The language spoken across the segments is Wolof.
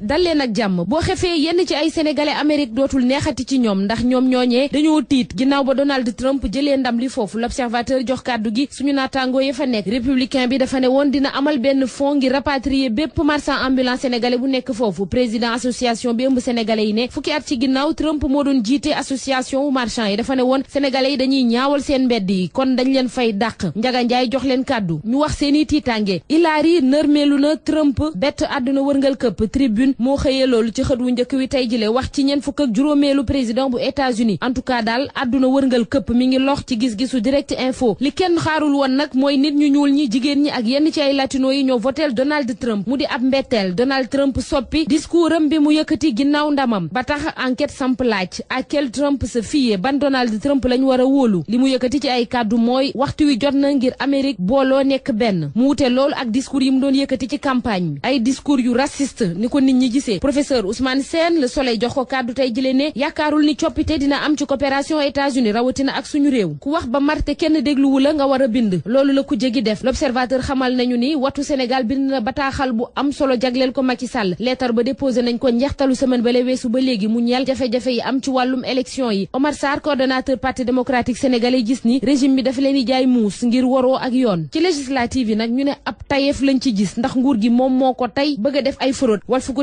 dal leen ak jàmm boo xefee yenn ci ay sénégalais Amérique dootul neexati ci ñoom ndax ñoom ñooñee dañoo tiit ginnaaw ba Donald Trump jëlee ndam li foofu l'observateur jox kàddu gi suñu naataangoo ya fa nekk républicain bi dafa ne woon dina amal benn fon ngir rapatrier bépp marchand ambulant sénégalais bu nekk foofu président association bi ëmb sénégalais yi ne fukki at ci ginnaaw Trump moo doon jiite association wu marchand yi dafa ne woon sénégalais yi dañuy ñaawal seen mbedd yi kon dañ leen fay dàq Njaga Njaay jox leen kàddu ñu wax seeni tiitaange Hillary nërmeelu na Trump bett àdduna wërngal këpp tribune Tribune moo xëyee loolu ci xët wu njëkk wi tey jile wax ci ñeent fukk ak juróomeelu président bu États-Unis en tout cas daal àdduna wërngal këpp mi ngi lox ci gis-gisu direct info li kenn xaarul woon nag mooy nit ñu ñuul ñi jigéen ñi ak yenn ci ay latino yi ñoo voteel Donald Trump mu di ab mbetteel Donald Trump soppi discours am bi mu yëkkati ginnaaw ndamam ba tax enquête samp laaj à quel Trump se fie ban Donald Trump lañ war a wóolu li mu yëkkati ci ay kàddu mooy waxtu wi jot na ngir Amérique booloo nekk benn mu wute loolu ak discours yi mu doon yëkkati ci campagne ay discours yu raciste ñi gisee professeur Ousmane Sène le soleil jox ko kàddu tey jëlee ne yaakaarul ni coppite dina am ci coopération États-Unis rawatina ak suñu réew ku wax ba marte kenn dégluwu la nga war a bind loolu la ku jegi def l'observateur xamal nañu ni watu Sénégal bind na bataaxal bu am solo jagleel ko Macky Sall leetar ba déposé nañ ko njeextalu semaine ba la weesu ba léegi mu ñeel jafe-jafe yi am ci wàllum élection yi Omar Sarr coordonnateur parti démocratique sénégalais gis ni régime bi dafa leen di jaay muus ngir waroo ak yoon ci législative yi nag ñu ne ab tayeef lañ ci gis ndax nguur gi moom moo ko tey bëgg a def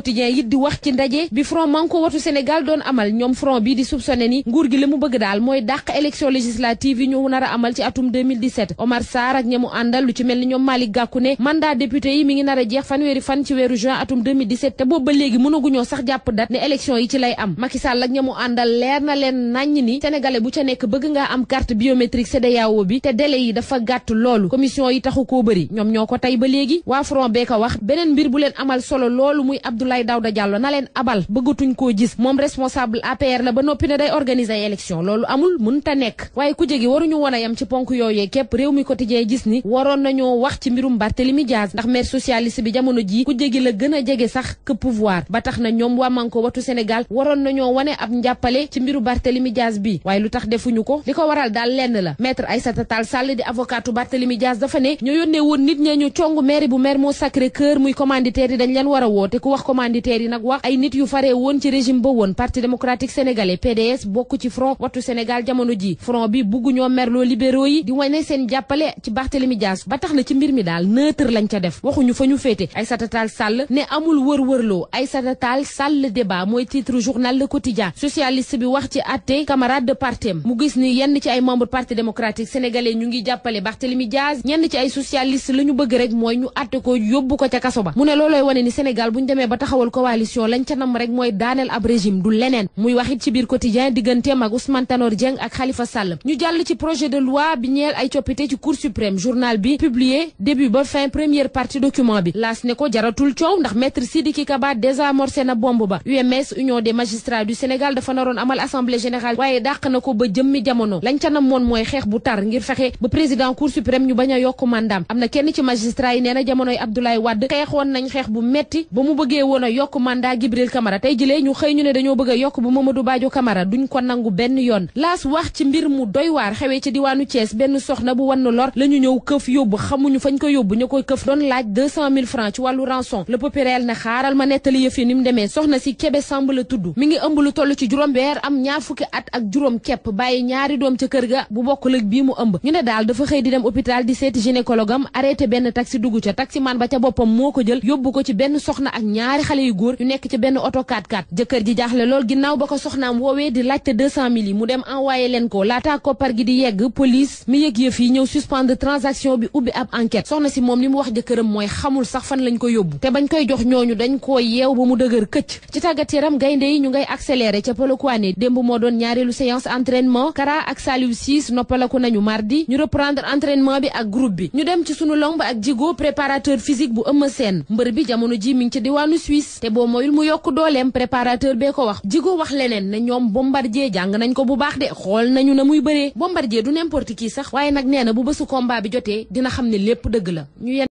quotidien yit di wax ci ndaje bi front manko watu Sénégal doon amal ñoom front bi di soupçonné ni nguur gi li bëgg daal mooy dàq élection législative yi ñu nar a amal ci atum Omar Sarr ak ñamu àndal lu ci mel ni ñoom Malick Gakou ne mandat député yi mi ngi nar a jeex fanweeri fan ci weeru juin atum te boobu ba léegi mënaguñoo sax jàpp date ne élection yi ci lay am Macky ak ñamu àndal leer na leen naññ ni sénégalais bu ca nekk bëgg ngaa am carte biométrique Abdoulaye Daouda Diallo na leen abal bëggatuñ koo gis moom responsable APR la ba noppi ne day organiser ay loolu amul mënta nekk waaye ku jégi waruñu woon a ci ponk yooyee képp réew mi quotidien gis ni waroon nañoo wax ci mbirum Barthélemy Diaz ndax maire socialiste bi jamono jii ku jégi la gën a jege sax que pouvoir ba tax na ñoom waa Manko Sénégal waroon nañoo wane ab njàppale ci mbiru Barthélemy Diaz bi waaye lu tax defuñu ko li ko waral a commanditaires yi nag wax ay nit yu faree woon ci régime ba woon parti démocratique sénégalais PDS bokk ci front wattu Sénégal jamono ji front bi bugg ñoo merloo libéraux yi di wane seen jàppale ci Barthélemy Dias ba tax na ci mbir mi daal neutre lañ ca def waxuñu fa ñu féete Aïssata Tall Sall ne amul wër-wërloo Aïssata Tall Sall débat mooy titre journal Le Quotidien socialiste bi wax ci àtte camarade de partem mu gis ni yenn ci ay membre parti démocratique sénégalais ñu ngi jàppale Barthélemy Dias ñenn ci ay socialiste la ñu bëgg rek mooy ñu àtte ko yóbbu ko ca ba taxawal coalition lañ ca nam mooy daaneel ab régime du leneen muy wax ci biir quotidien digganteem ak Ousmane Tanor ak Khalifa Sall ñu jàll ci projet de loi bi ñeel ay coppite ci cour suprême journal bi publié début ba fin première partie document bi laas ne ko jaratul coow ndax maître Sidiki Kaba désamorcé na bomb ba UMS union des magistrats du Sénégal dafa naroon amal assemblée générale waaye dàq na ko ba jëmmi jamono lañ ca moon mooy a yokk woon yokk mandat Gibril Camara tey jilee ñu xëy ñu ne dañoo bëgg yokk bu Mamadou Badio Camara duñ ko nangu benn yoon laas wax ci mbir mu doy waar xewee ci diwaanu Thiès benn soxna bu wann lor la ñu ñëw këf yóbbu xamuñu fañ ko yóbbu ñu koy këf doon laaj 200000 francs ci wàllu rançon le popéreel na xaaral demee soxna si Kébé Samb la tudd mi ngi ëmb lu toll ci juróom weer am ñaar fukki at ak juróom kepp bàyyi ñaari doom ca kër ga bu bokk ak bii mu ëmb ñu ne daal dafa xëy di dem hôpital di seeti gynécologue am arrêté benn taxi dugg ca taximan ba ca boppam moo ko jël yóbbu ko ci benn soxna ak xale yu góor yu nekk ci benn oto 4x4 jëkkër ji jaaxle lool ginnaaw ba ko soxnaam woowee di laajte 200000 yi mu dem envoyé leen ko laataa koppar gi di yegg police mi yëg yëf yi ñëw suspendre transaction bi ubbi ab enquête soxna si moom li mu wax jëkkëram mooy xamul sax fan lañ ko yóbbu te bañ koy jox ñooñu dañ ko yeew ba mu dëgër këcc ci tàggat yaram gaynde yi ñu ngay accéléré ca Polokwane démb moo doon ñaareelu séance entraînement Kara ak Saliou Ciss noppalaku nañu mardi ñu reprendre entraînement bi ak groupe bi ñu dem ci sunu lomb ak jigo préparateur physique bu ëmm seen Suisse te boo moyul mu yokk dooleem préparateur bee ko wax jigo wax leneen ne ñoom Bombardier jàng nañ ko bu baax de xool nañu na muy bëree Bombardier du n'importe qui sax waaye nag nee na bu bésu combat bi jotee dina xam ne lépp dëgg la ñu